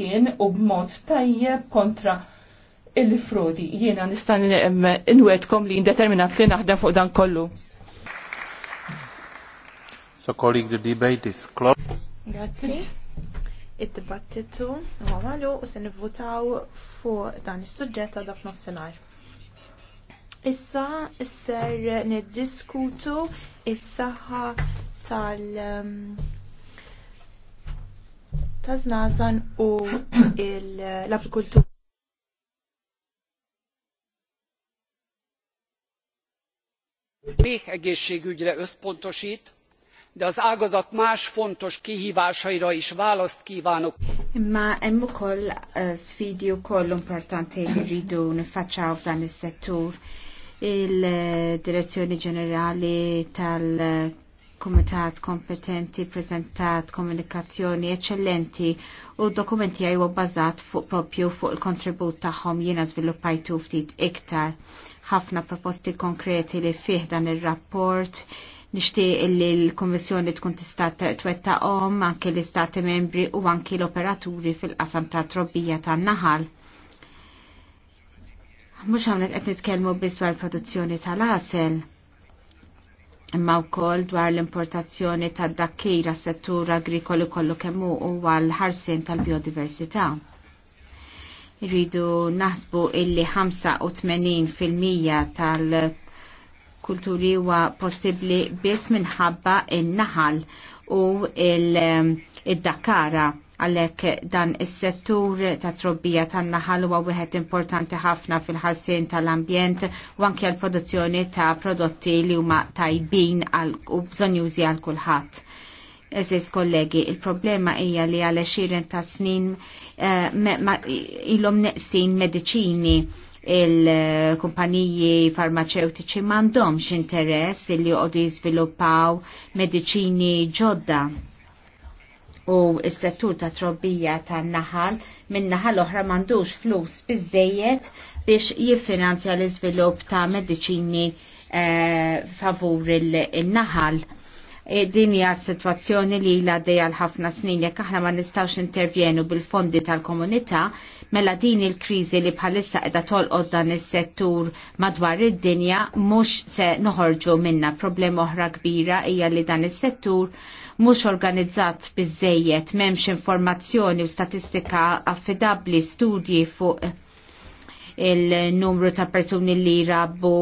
kien u b'mod tajjeb kontra il-frodi. Jiena nistan inwedkom li indeterminat li naħdem fuq dan kollu. So colleague, the debate is closed. Grazie. Id-dibattitu għamalu u se nivvutaw fuq dan is-suġġett għadha f'nofsinhar. Issa isser niddiskutu is-saħħa tal- ta' żnazan u l-aprikultura. apikultura egészségügyre összpontosít, de az ágazat más fontos kihívásaira is választ kívánok. Ma emmu koll uh, eh, sfidi wkoll importanti li rridu nifaċċaw f'dan il settur eh, il-Direzzjoni Ġenerali tal- kumitat kompetenti prezentat komunikazzjoni eccellenti u dokumenti għajwa bazat fuq propju fuq il-kontribut tagħhom jiena żviluppajtu ftit iktar. Ħafna proposti konkreti li fih dan ir-rapport nixtieq li l-Kommissjoni tkun tista' om, anke l-Istati membri u anke l-operaturi fil-qasam ta' trobbija tan-naħal. Mhux hawnhekk qed nitkellmu biss dwar produzzjoni tal-asel imma wkoll dwar l-importazzjoni tad dakkira settur agrikoli kollu kemm huwa l ħarsien tal-biodiversità. Iridu naħsbu illi 85% tal-kulturi huwa possibbli biss minħabba in-naħal u il-dakkara. il dakkara għalhekk dan is-settur ta' trobbija tan-naħal huwa wieħed importanti ħafna fil-ħarsien tal-ambjent u anke għall-produzzjoni ta' prodotti li huma tajbin u bżonjużi għal kulħadd. Eżis kollegi, il-problema hija li għal xirin ta' snin eh, ilhom neqsin mediċini il-kumpaniji farmaceutiċi m'għandhomx interess li joqogħdu jiżviluppaw mediċini ġodda u s-settur ta' trobbija ta' naħal minn naħal oħra mandux flus bizzejiet biex jiffinanzja l-izvilup ta' mediċini eh, favur il-naħal. Dinja e, din hija situazzjoni li la dejja ħafna snin jekk aħna ma nistax intervjenu bil-fondi tal-komunità mela din il-kriżi li bħalissa qiegħda tolqod dan is-settur madwar id-dinja mhux se noħorġu minna. Problema oħra kbira hija li dan is-settur mhux organizzat biżejjed m'hemmx informazzjoni u statistika affidabbli studji fuq il-numru ta' persuni li rabbu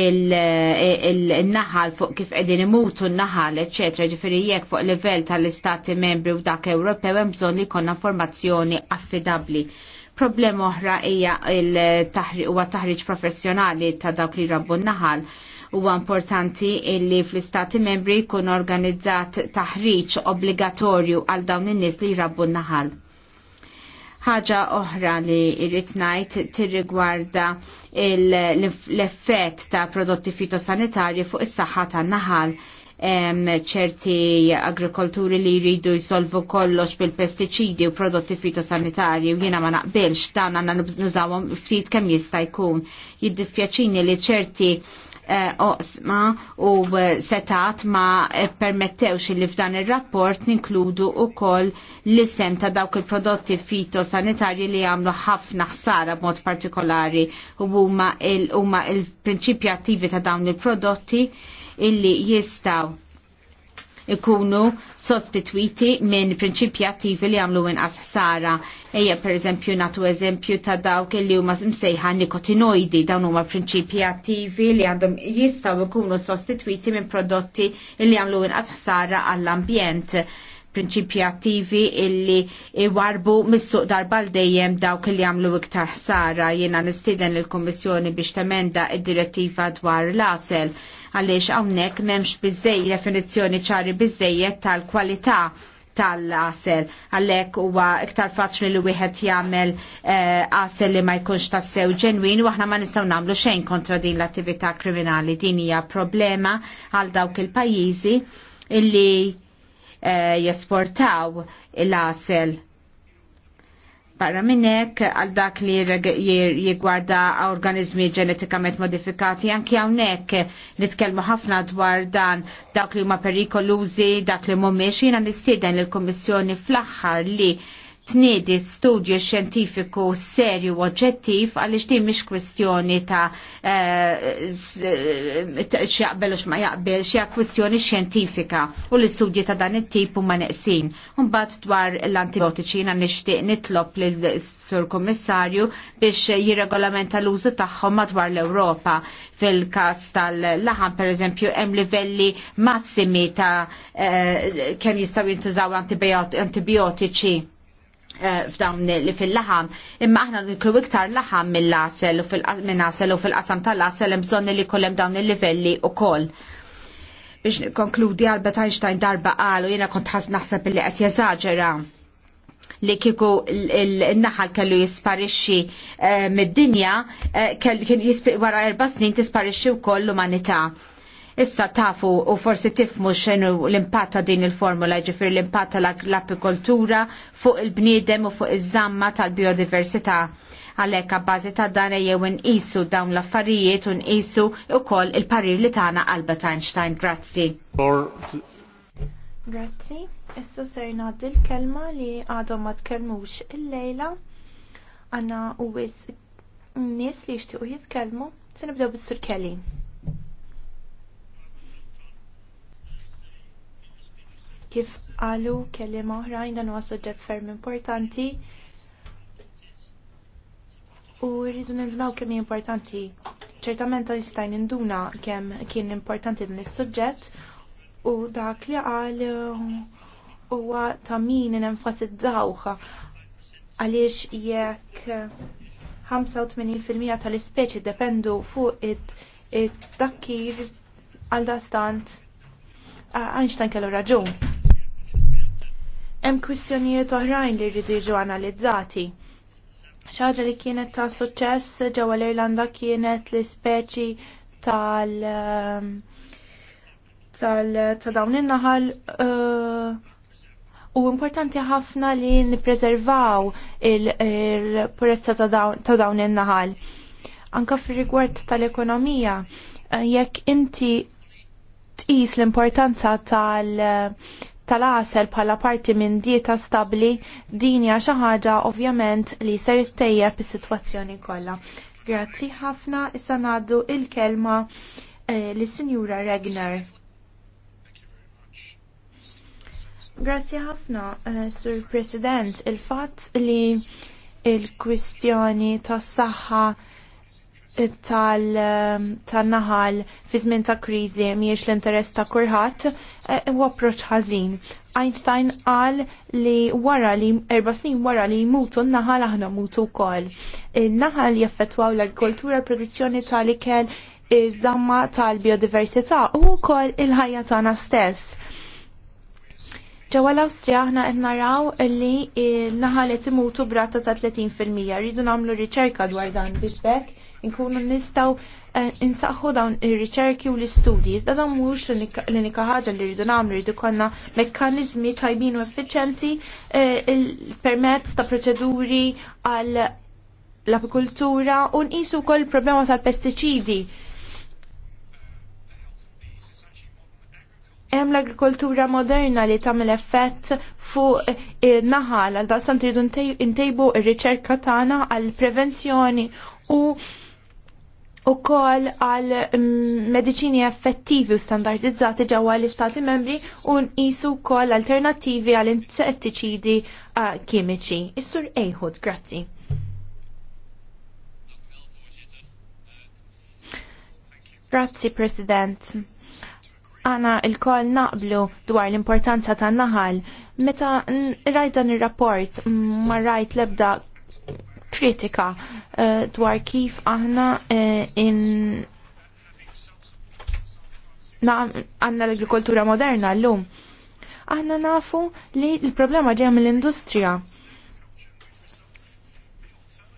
il-naħal fuq kif qegħdin imutu n-naħal, eċetera, ġifieri jekk fuq livell tal-istati membri u dak Ewropew hemm bżonn li jkollna formazzjoni affidabbli. Problema oħra hija il-taħriġ professjonali ta' dawk li rabbu n-naħal Huwa importanti illi fl-Istati membri jkun organizzat taħriġ obbligatorju għal dawn in-nies li jrabbu n-naħal. Ħaġa oħra li irrid ngħid tirrigwarda l-effett ta' prodotti fitosanitarji fuq is-saħħa tan-naħal ċerti agrikolturi li jridu jisolvu kollox bil-pesticidi u prodotti fitosanitarji u jiena ma naqbilx dan għanna nużawhom ftit kemm jista' jkun. Jiddispjaċini li ċerti oqsma u setat ma permettewx li f'dan ir-rapport ninkludu ukoll l-isem ta' dawk il-prodotti fitosanitarji li għamlu ħafna ħsara b'mod partikolari u huma il-prinċipji attivi ta' dawn il-prodotti illi jistaw ikunu sostitwiti minn prinċipji attivi li għamlu inqas ħsara. Ejja per eżempju natu eżempju ta' dawk li huma msejħa nikotinoidi dawn huma prinċipji attivi li għandhom jistgħu jkunu sostitwiti minn prodotti li għamlu inqas ħsara għall-ambjent prinċipji attivi illi warbu mis-suq darba dejjem dawk li jagħmlu iktar ħsara jiena nistieden lill-Kummissjoni biex temenda id-direttiva dwar l-asel għaliex hawnhekk m'hemmx biżej definizzjoni ċari biżejjed tal-kwalità tal-asel Għalhekk huwa iktar faċli li wieħed jagħmel eh, asel li ma jkunx tassew ġenwin u aħna ma nistgħu nagħmlu xejn kontra din l-attività kriminali din hija problema għal dawk il-pajjiżi illi Eh, jesportaw il-asel. Barra minnek għal dak li jigwarda organizmi ġenetikament modifikati, anki għawnek nitkelmu ħafna dwar dan dak li huma perikolużi, dak li mumiex, jina nistieden il-Komissjoni fl-axħar li tniedi studju xjentifiku serju u oġġettiv għaliex din mhix kwestjoni ta' eh, x'jaqbel u x'ma jaqbel, xi kwestjoni xjentifika u l-istudji ta' dan it-tip huma neqsin. Mbagħad dwar l-antibiotiċi na nixtieq nitlob lil sur Kummissarju biex jirregolamenta l-użu tagħhom madwar l-Ewropa fil-każ tal-laħan pereżempju hemm livelli massimi ta' eh, kemm jistgħu jintużaw antibiotiċi Eh, f'dawn li fil-laħam, imma aħna niklu iktar laħam mill-asel u fil-asel u fil-qasam tal-asel bżonn li kollem dawn il-livelli u koll. Biex konkludi Albert Einstein darba qalu jiena kont ħas naħseb li qed jeżaġera li kiku il-naħal kellu jisparixxi eh, mid-dinja, eh, kien wara erba' snin tisparixxi wkoll l-umanità. Issa tafu u forsi tifmu xenu l-impatt ta' din il-formula ġifir l-impatt tal-apikoltura fuq il-bniedem u fuq iż-żamma tal-biodiversità. Għalhekk għabbażi ta' dan jew nqisu dawn l-affarijiet u nqisu wkoll il-parir li tagħna Albert Einstein. Grazzi. Grazzi. Issa ser ngħaddi l-kelma li għadhom ma tkellmux illejla. Għanna u wis nies li jixtiequ jitkellmu se nibdew bis-Sur Kelly. Kif qalu kelli oħrajn dan huwa suġġett ferm importanti u rridu nindunaw kemm importanti. Ċertament jista' ninduna kemm kien importanti din is-suġġett u dak li qal huwa ta' min nenfasizzawh għaliex jekk 85% tal-ispeċi dependu fuq id-dakkir għal dastant Einstein kellu raġun. Hemm kwistjonijiet oħrajn li rridu jiġu analizzati. Xaġa li kienet ta' suċċess ġewwa l-Irlanda kienet l speċi tal ehm, tal ta' dawn in-naħal eh, u importanti ħafna li nippreservaw il-purezza ta' dawn in-naħal. Anka fir-rigward tal-ekonomija, eh, jekk inti tqis l-importanza tal- tal-għasel bħala parti minn dieta stabli din hija xi ħaġa ovvjament li ser ittejjeb is-sitwazzjoni kollha. Grazzi ħafna issa ngħaddu il-kelma eh, lis-Sinjura Regner. Grazzi ħafna, eh, Sur President, il-fatt li il-kwistjoni tas-saħħa tal-naħal fi żmien ta' kriżi miex l-interess ta' kulħadd huwa e, approċċ ħażin. Einstein qal li wara li erba snin wara li jmutu n-naħal aħna mutu wkoll. In-naħal jaffettwaw l-agrikoltura produzzjoni tal-ikel iż-żamma tal-biodiversità u wkoll il-ħajja tagħna stess Ġewwa l-Awstrija aħna qed naraw li l-naħa li timutu brata ta' 30% rridu nagħmlu riċerka dwar dan biex bekk inkunu nistgħu eh, insaħħu dawn ir-riċerki u l-istudji. Iżda dan mhux l-unika ħaġa li rridu nagħmlu rridu konna mekkaniżmi tajbin u effiċenti eh, permezz ta' proċeduri għal l-apikultura u nqisu wkoll il-problema tal-pestiċidi hemm l-agrikoltura moderna li tagħmel effett fuq eh, naħal għal daqstant iridu ntejbu r-riċerka tagħna għal prevenzjoni u wkoll għal mm, mediċini effettivi u standardizzati ġewwa l-Istati membri u nqisu wkoll alternattivi għal insettiċidi eh, kimiċi. Is-sur Ejhud, grazzi. Grazzi, President għana il-koll naqblu dwar l-importanza ta' naħal. Meta rajt dan il-rapport, ma rajt lebda kritika eh, dwar kif aħna eh, in għanna l-agrikoltura moderna l-lum. Aħna nafu li l-problema ġeja mill-industrija.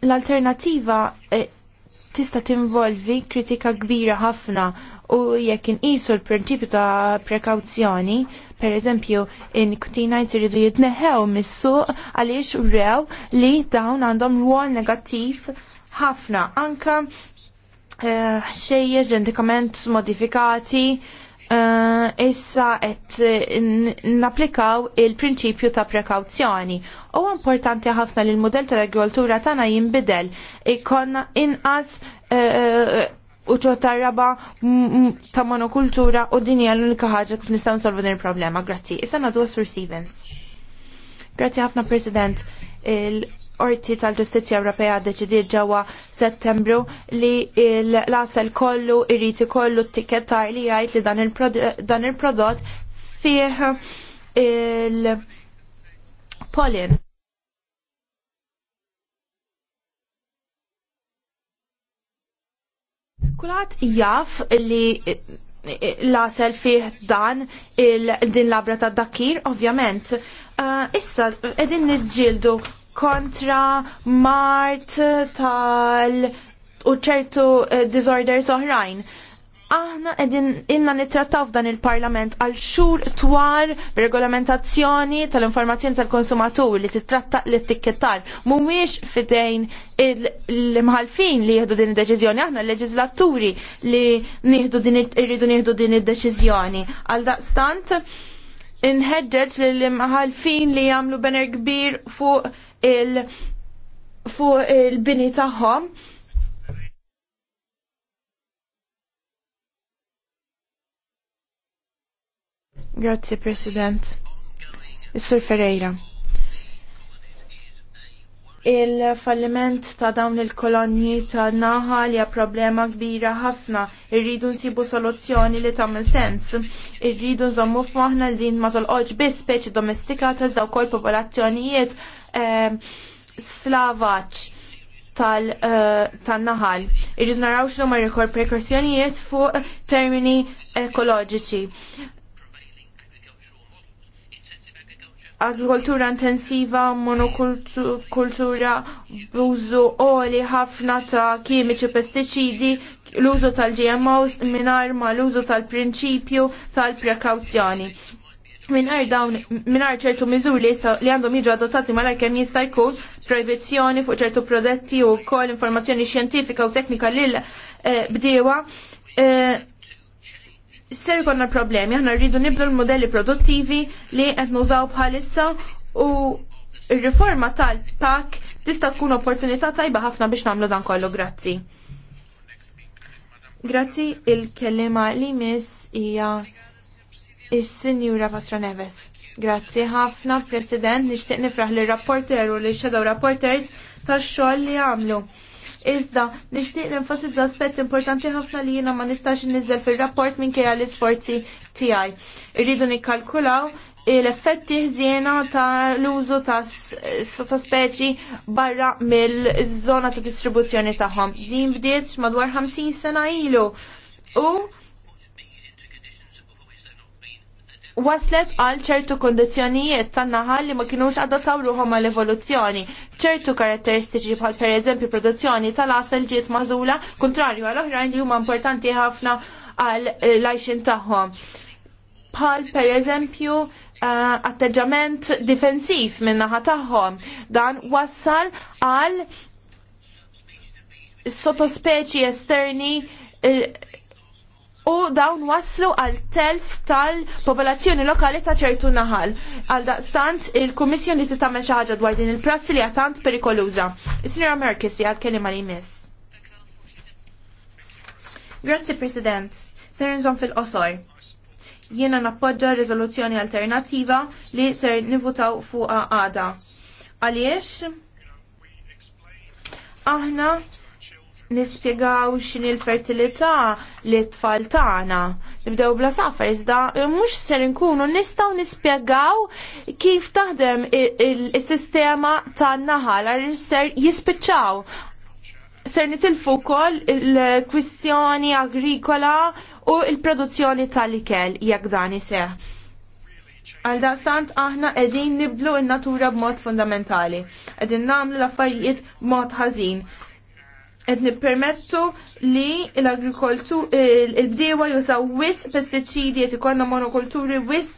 L-alternativa eh, tista' tinvolvi kritika kbira ħafna u jekk inqisu l-prinċipju ta' prekawzjoni, per eżempju, in kutina jtiridu jitneħew mis-suq għaliex rew li dawn għandhom rwol negattiv ħafna anka eh, xejjeġ ġendikament modifikati Eh, issa qed eh, napplikaw il-prinċipju ta' prekawzjoni. U importanti ħafna li l mudell tal-agrikoltura tagħna jinbidel ikonna inqas uh, eh, uċo tarraba ta' monokultura u din hija l-unika ħaġa kif nistgħu nsolvu din il-problema. Grazzi. Issa nagħtu Sur Stevens. Grazzi ħafna President il-Orti tal-Ġustizja Ewropea deċidiet ġewwa Settembru li l-asel kollu irriti ikollu t-tikettar li jgħid li dan il-prodott fih il polin Kulħadd jaf li lasel fih dan il din labra ta' dakkir, ovvjament, Eh, issa qegħdin niġġieldu kontra mart tal u ċertu eh, disorders oħrajn aħna edin inna nittrattaw f'dan il-parlament għal xur twar regolamentazzjoni tal-informazzjoni tal-konsumatur li titratta l-etikettar. Mumiex fidejn l-imħalfin li jihdu din id-deċizjoni, aħna l-leġizlaturi li nieħdu din nieħdu din id-deċizjoni. Għal daqstant, inħedġeġ l-imħalfin li jamlu bener kbir fuq il- fuq il-bini tagħhom. Grazie President. Is-Sur Ferreira. Il-falliment ta' dawn il-kolonji ta' naħa li problema kbira ħafna. Irridu nsibu soluzzjoni li tagħmel sens. Irridu nżommu f'moħħna li din ma żolqoġ biss speċi domestika ta' żdaw kol popolazzjonijiet eh, slavaċ tal-naħal. Eh, Irridu naraw xnu ma' rekord prekursjonijiet fuq termini ekoloġiċi. agrikoltura intensiva, monokultura, b'użu oli ħafna ta' kimiċi pestiċidi, l-użu tal-GMOs minar ma l-użu tal-prinċipju tal-prekawzjoni. Minar dawn, minar ċertu miżuri li għandhom jiġu adottati l-arkem jista' jkun projbizzjoni fuq ċertu prodotti u kol informazzjoni xjentifika u teknika lil eh, bdiewa. Eh, ser ikonna problemi, aħna rridu nibdu l-modelli produttivi li qed nużaw bħalissa u r-riforma tal-pak tista' tkun opportunità tajba ħafna biex nagħmlu dan kollu, grazzi. Grazzi il-kellima li miss hija is-Sinjura Pastra Neves. Grazzi ħafna, President, nixtieq nifraħ li rapporter u li xedaw rapporters tax-xogħol li għamlu. Iżda, nixtieq nenfasizza aspett importanti ħafna li jiena ma nistax nizzel fil-rapport minkejja l-isforzi tiegħi. Irridu nikkalkulaw l-effetti ħżiena ta' l-użu ta' sottospeċi barra mill-żona ta' distribuzzjoni tagħhom. Din bdiet madwar 50 sena ilu. U waslet għal ċertu kondizjonijiet tan-naħa li ma kinux adottaw ruħom għal evoluzzjoni. ċertu karatteristiċi bħal per eżempju produzzjoni tal-asel ġiet mażula kontrarju għal oħrajn li huma importanti ħafna għal eh, lajxin tagħhom. Bħal per eżempju eh, atteġġament difensiv min-naħa tagħhom. Dan wassal għal sottospeċi esterni eh, u dawn waslu għal telf tal-popolazzjoni lokali ta' ċertu naħal. Għal daqstant il-Kummissjoni se tagħmel xi ħaġa dwar din il-prassi li għatant perikoluża. Is-Sinjora Merkis jgħad kelima li jmiss. Grazzi President, ser nżomm fil-qosor. Jiena nappoġġa riżoluzzjoni alternattiva li ser nivutaw fuqha għada. Għaliex? Aħna nispjegaw x'in il-fertilità li t-tfal tagħna. Nibdew bla safar iżda e, mhux ser inkunu nistgħu nispjegaw kif taħdem is-sistema tan-naħal għal ser jispiċċaw. Ser nitilfu wkoll il-kwistjoni agrikola u l produzzjoni tal-ikel jekk dan iseħħ. Għal sant aħna qegħdin niblu n-natura b'mod fundamentali. Qegħdin nagħmlu l-affarijiet b'mod ħażin qed nippermettu li l-agrikoltur il-bdewa jużaw wis pestiċidi qed ikollna monokulturi wis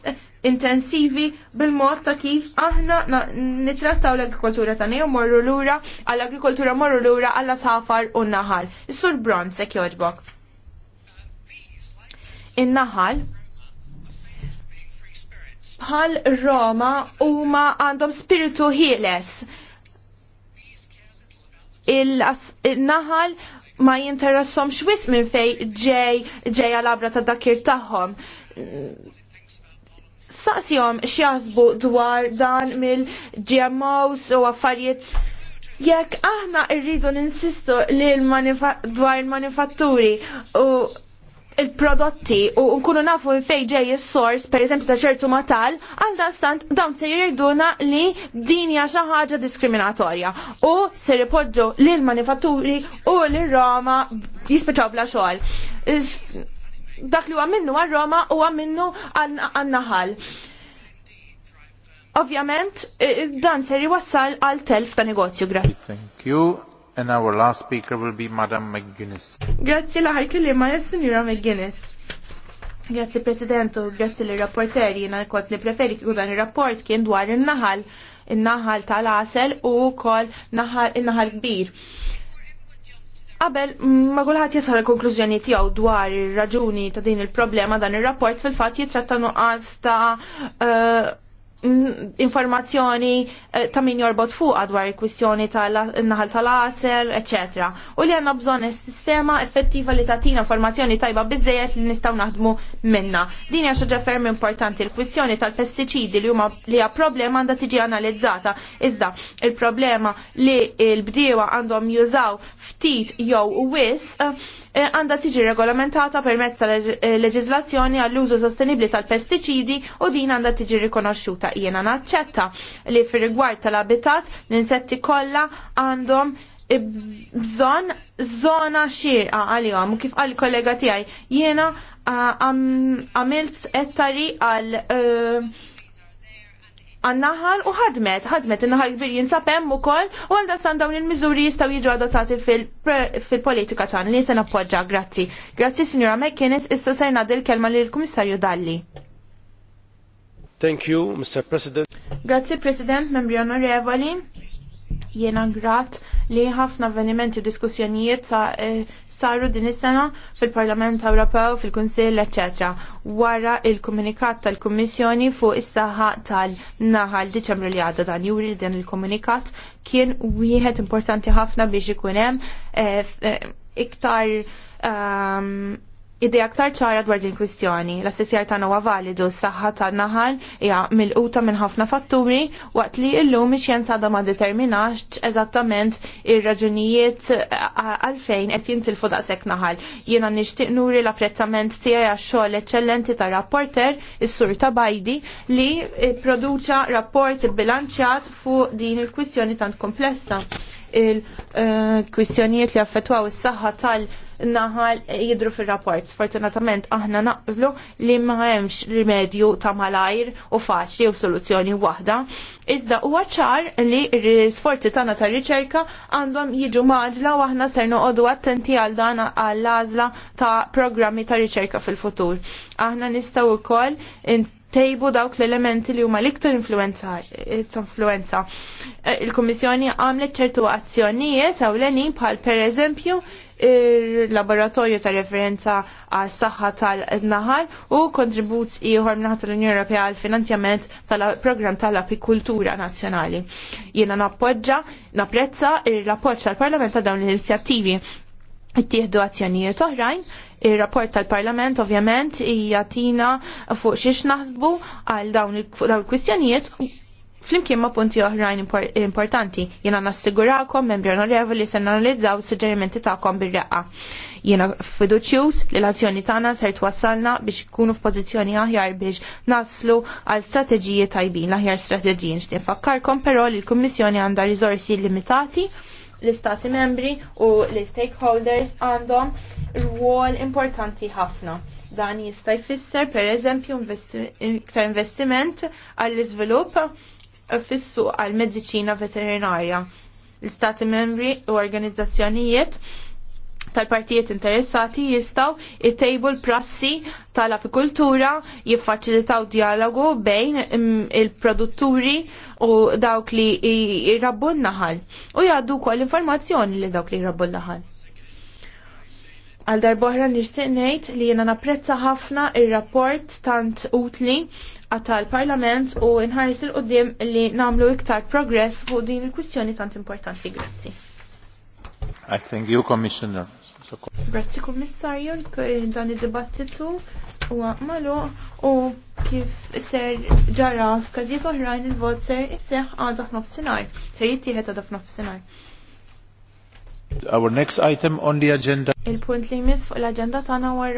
intensivi bil-mod ta' kif aħna nitrattaw l-agrikoltura ta' u morru lura għall-agrikoltura morru lura għall safar u naħal. Is-sur Bronz hekk jogħġbok. In-naħal bħal Roma huma għandhom spiritu ħieles il-naħal ma jinteressom xwis minn fej ġej ġej għal-abra ta' dakir tagħhom. Saqsjom xjazbu dwar dan mill-GMOs u affarijiet jekk aħna rridu ninsistu li dwar il-manifatturi u il-prodotti u nkunu nafu fej ġej is-sors, pereżempju ta' ċertu matal, għal dastant dawn se jriduna li din hija xi ħaġa diskriminatorja u se ripoġġu lil manifatturi u lil Roma jispiċċaw bla xogħol. Dak li huwa minnu għal Roma huwa minnu għan-naħal. Ovvjament, dan se jwassal għal telf ta' negozju, grazie. Thank you. And our last speaker will be Madam McGuinness. Grazie la ħar ma jas-Sinjura McGuinness. Grazzi Presidentu, grazie li rapporteri jina kont li preferi kiku dan il-rapport kien dwar il-naħal, il-naħal tal-asel u kol naħal il-naħal kbir. Qabel, ma kulħadd il konklużjoni tiegħu dwar ir-raġuni ta' din il-problema dan ir-rapport fil-fatt jitratta nuqqas ta' eh, informazzjoni eh, ta' min jorbot fuq dwar il-kwistjoni tal-naħal tal-asel, etc. U li għanna bżon sistema effettiva li tatina informazzjoni tajba bizzejet li nistaw naħdmu minna. Din hija ġeferm ferm importanti il-kwistjoni tal-pestiċidi li huma li hija problema għandha tiġi analizzata. Iżda il-problema li l-bdiewa għandhom jużaw ftit jew wis eh, Eh, għandha tiġi regolamentata permezz tal eh, leġiżlazzjoni għall-użu sostenibbli tal-pestiċidi u din għandha tiġi rikonoxxuta. Jiena naċċetta li fir-rigward tal-abitat l-insetti kollha għandhom eh, bżon zona xirqa għalihom kif għal kollega tiegħi jiena ah, għamilt ettari għal uh, għannaħar u ħadmet, ħadmet inna kbir jinsapem u ukoll u għal san dawn il-miżuri jistgħu jiġu adottati fil-politika tagħna li se nappoġġa grazzi. Grazzi Signora McKinnis, issa se ngħaddi l-kelma lill-Kummissarju Dalli. Thank you, Mr. President. Grazzi President, membri onorevoli. Jiena grat li ħafna avvenimenti u diskussjonijiet eh, saru din is-sena fil-Parlament Ewropew, fil-Kunsill, etc. Wara il-komunikat tal-Kummissjoni fuq is-saħħa tal naħa l Diċembru li għadda dan juri li il-komunikat kien wieħed importanti ħafna biex ikun hemm eh, eh, iktar ehm, idea aktar ċara dwar din kwistjoni. L-assessjar tagħna huwa validu s-saħħa tan-naħal hija milquta minn ħafna fatturi waqt li llum ix-xjenza għadha ma determinax eżattament ir-raġunijiet għalfejn qed jintilfu daqshekk naħal. Jiena nixtieq nuri l-apprezzament tiegħi għax-xogħol eċċellenti ta' rapporter is-sur ta' Bajdi li produċa rapport bilanċjat fuq din il-kwistjoni tant komplessa il-kwistjonijiet eh, li affettwaw is-saħħa tal- naħal jidru fil-rapport. Fortunatament aħna naqblu li ma hemmx rimedju ta' malajr u faċli u soluzzjoni waħda. Iżda huwa ċar li l-sforzi tagħna ta' riċerka għandhom jiġu maġla u aħna ser noqogħdu attenti għal dan għall-għażla ta' programmi ta' riċerka fil-futur. Aħna nistgħu wkoll tejbu dawk l-elementi li huma l-iktar influenza. Eh, Il-Kummissjoni għamlet ċertu azzjonijiet għawleni bħal per eżempju il-laboratorju ta' referenza għas saħħa tal-naħar u kontribut iħor minnaħat tal-Unjoni Ewropea għal finanzjament tal-programm tal-apikultura nazzjonali. Jiena nappoġġa, napprezza il-rapport tal-Parlament ta' dawn l-inizjattivi ittieħdu azzjonijiet oħrajn il-rapport tal-Parlament ovvjament hija tina fuq xiex naħsbu għal dawn il-kwistjonijiet Flimkien ma' punti oħrajn importanti, jena nassigurakom membri onorevoli se nanalizzaw suġġerimenti ta'kom bir-reqqa. Jena fiduċjus li l-azzjoni tagħna ser twassalna biex ikunu f'pożizzjoni aħjar biex naslu għal strateġiji tajbin, aħjar strateġiji nixtieq fakkarkom però li l-Kummissjoni għandha rizorsi limitati l-istati membri u l-stakeholders għandhom rwol importanti ħafna dan jista' jfisser pereżempju iktar investiment għall-iżvilupp fissu għal medicina veterinarja. L-Stati membri u organizzazzjonijiet tal-partijiet interessati jistaw it-table prassi tal-apikultura jiffaċilitaw dialogu bejn mm, il-produtturi u dawk li jirrabbu n-naħal u jgħaddu kol informazzjoni li dawk li jirrabbu l naħal għal darboħra nixtieq ngħid li jiena napprezza ħafna il rapport tant utli tal-Parlament u nħares il qoddim li namlu iktar progress fuq din il-kwistjoni tant importanti. Grazzi. I thank you, Commissioner. Grazzi, Kommissarju, dan id-dibattitu u għamalu u kif ser ġara f'każijiet oħrajn il-vot ser jitseħ għadha f'nofsinhar, ser jittieħed għadha f'nofsinhar. Our next item on the agenda. Il-punt li jmiss fuq l-agenda tagħna huwa